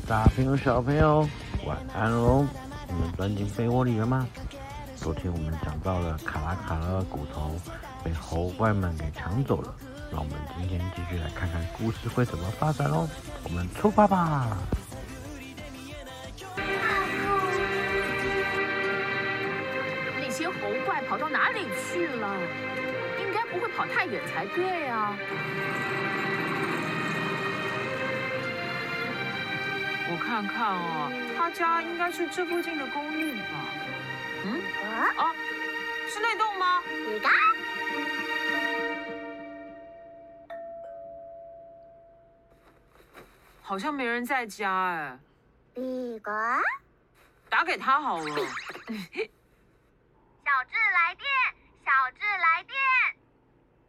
大朋友、小朋友，晚安嘍、哦！你們鑽進被窩裡了嗎？昨天我們講到了卡拉卡拉的骨頭被猴怪們給搶走了，那我們今天繼續來看看故事會怎麼發展嘍！我們出發吧！那些猴怪跑到哪裡去了？應該不會跑太遠才對啊！我看看啊，他家應該是這附近的公寓吧？嗯啊，是那棟嗎？你的好像沒人在家哎。李剛，打給他好了。小智來電，小智來電。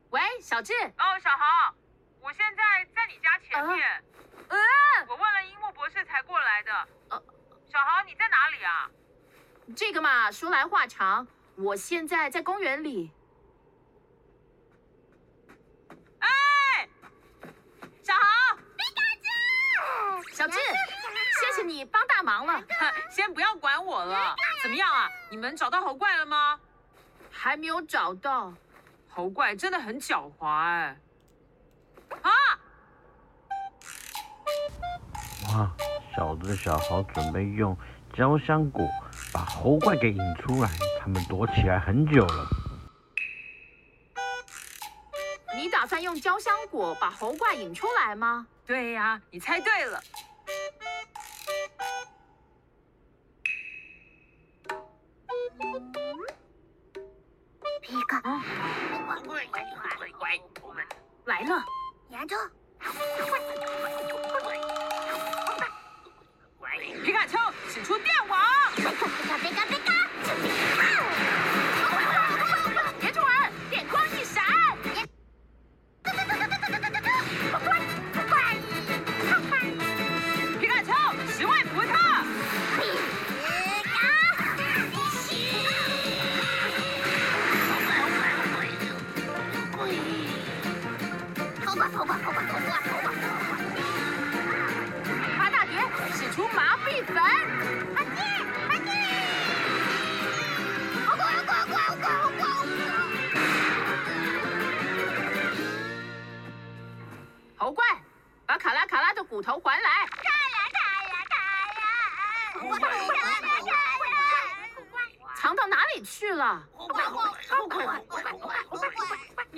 喂，小智。哦，小豪，我現在在你家前面。嗯、啊，我問了櫻木。是才過來的，呃、啊，小豪，你在哪裡啊？這個嘛，說來話長，我現在在公園裡。哎，小豪，別打小智，謝謝你幫大忙了， 先不要管我了。怎麼樣啊？你們找到猴怪了嗎？還沒有找到，猴怪真的很狡猾哎。小智小豪準備用焦香果把猴怪給引出來，他們躲起來很久了。你打算用焦香果把猴怪引出來嗎？對呀、啊，你猜對了。你看，來了，牙痛。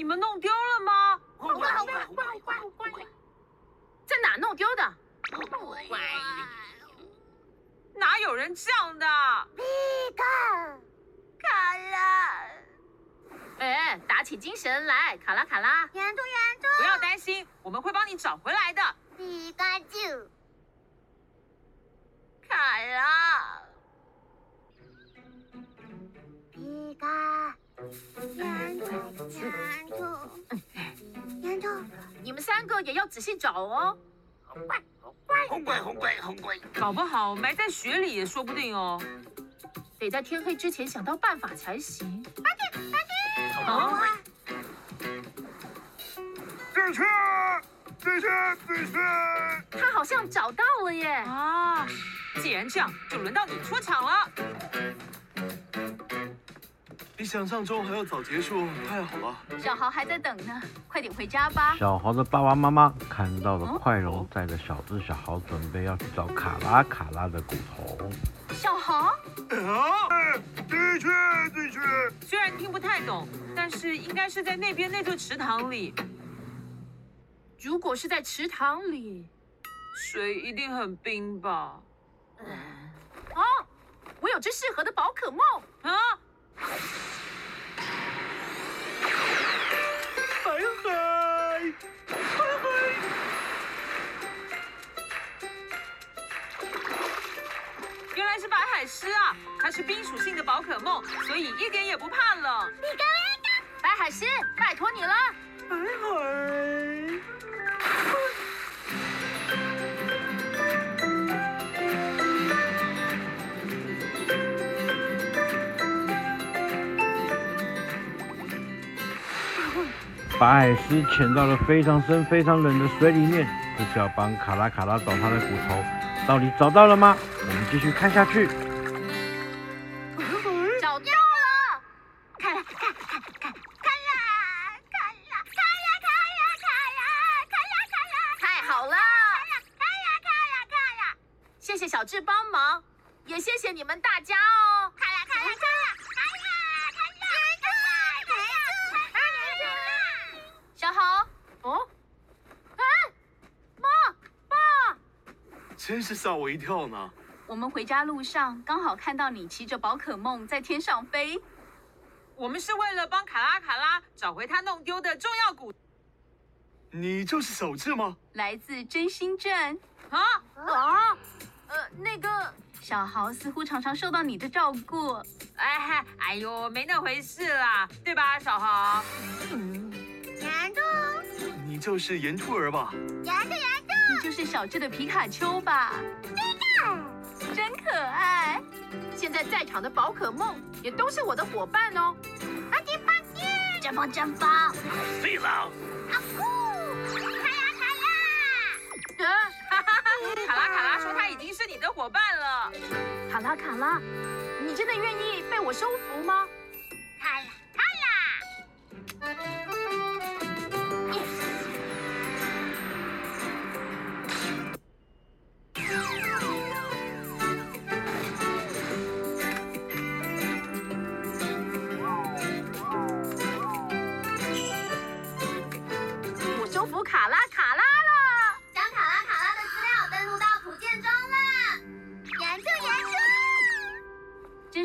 你們弄丟了嗎？在、哦、哪弄丟的？哦哦、哪有人這樣的？卡，卡拉，哎，打起精神來，卡拉卡拉。圓珠，圓珠，不要擔心，我們會幫你找回來的。皮卡丘，卡拉，皮卡。丫頭，丫頭，丫頭，你們三個也要仔細找哦。好怪，好怪，好怪，好怪。搞不好埋在雪裡也說不定哦，得在天黑之前想到辦法才行。快點，快點，好。進去、哦，進去會，進去。他好像找到了耶。啊，既然這樣，就輪到你出場了。比想象中還要早結束，太好了！小豪還在等呢，快點回家吧。小豪的爸爸媽媽看到了，快龍帶着小智、小豪準備要去找卡拉卡拉的骨頭。小豪，的、哎、的確，的確。雖然聽不太懂，但是應該是在那邊那座、個、池塘裡。如果是在池塘裡，水一定很冰吧，嗯？啊，我有隻適合的寶可夢啊！白海，原來是白海獅啊，它是冰屬性的寶可夢，所以一點也不怕冷。白海獅，拜託你了，白海。白海獅潛到了非常深、非常冷的水裡面，這是要幫卡拉卡拉找他的骨頭，到底找到了嗎？我們繼續看下去。找到了！卡拉卡拉卡拉卡拉卡拉卡拉卡拉卡拉卡拉卡拉！太好了！卡拉卡拉卡拉！謝謝小智幫忙，也謝謝你們大家哦！卡拉，卡拉，卡拉，卡拉。真是嚇我一跳呢！我們回家路上剛好看到你騎着寶可夢在天上飛。我們是為了幫卡拉卡拉找回他弄丟的重要骨。你就是小智嗎？來自真心鎮。啊啊，呃，那個小豪似乎常常受到你的照顧。哎嗨，哎呦，沒那回事啦，對吧，小豪？嗯，炎兔。你就是炎兔兒吧？炎兔兒。你就是小智的皮卡丘吧？知道，真可愛。現在在場的寶可夢也都是我的伙伴哦。巴加巴，廢了。阿庫，太陽來了。哈哈，卡拉卡拉說他已經是你的伙伴了。卡拉卡拉，你真的願意被我收服嗎？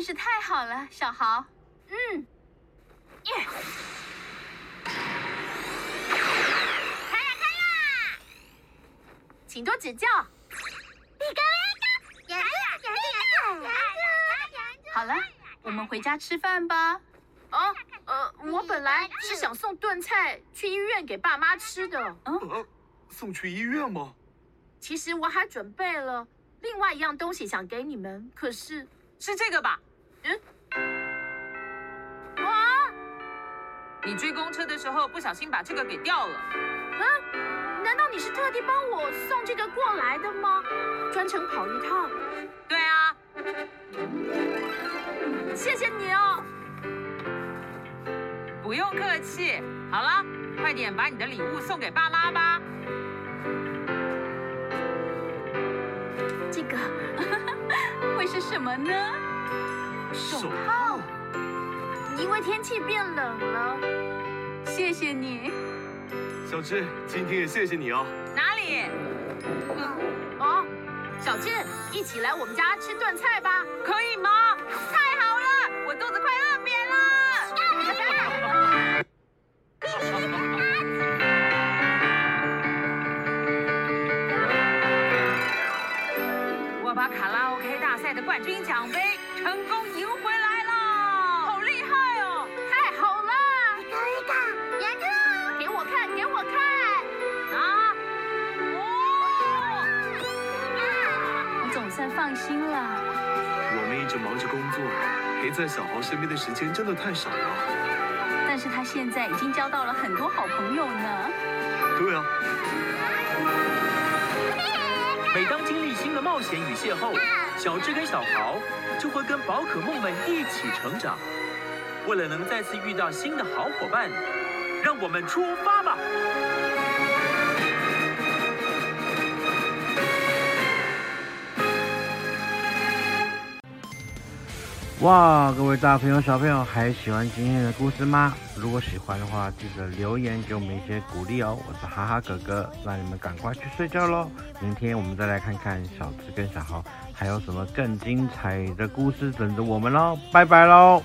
真是太好了，小豪。嗯，耶！開呀開呀！請多指教。 好了，我們回家吃飯吧。哦，呃，我本來是想送燉菜去醫院給爸媽吃的。嗯，送去醫院嗎？其實我還準備了另外一樣東西想給你們，可是是這個吧？嗯，啊、你追公車的時候不小心把這個給掉了。嗯、啊，難道你是特地幫我送這個過來的嗎？專程跑一趟？對啊、嗯嗯，謝謝你哦。不用客氣。好了，快點把你的禮物送給爸爸吧。這個會是什麼呢？手套，因為天氣變冷了，謝謝你，小智，今天也謝謝你哦。哪裡、嗯？哦，小智，一起來我們家吃燉菜吧，可以嗎？太好了，我肚子快餓扁了。你幹 我把卡拉 OK 大賽的冠軍獎盃。成功贏回來了，好厲害哦！太好了！給我看，給我看啊！我、哦，啊，我總算放心了。我們一直忙着工作，陪在小豪身邊的時間真的太少了。但是他現在已經交到了很多好朋友呢。對啊。每當經歷新的冒險與邂逅，小智跟小豪就會跟寶可夢們一起成長。為了能再次遇到新的好夥伴，讓我們出發吧！哇，各位大朋友、小朋友，還喜歡今天的故事嗎？如果喜歡的話，記得留言給我們一些鼓勵哦。我是哈哈哥哥，讓你們趕快去睡覺嘍。明天我們再來看看小智跟小豪還有什麼更精彩的故事等着我們嘍。拜拜嘍。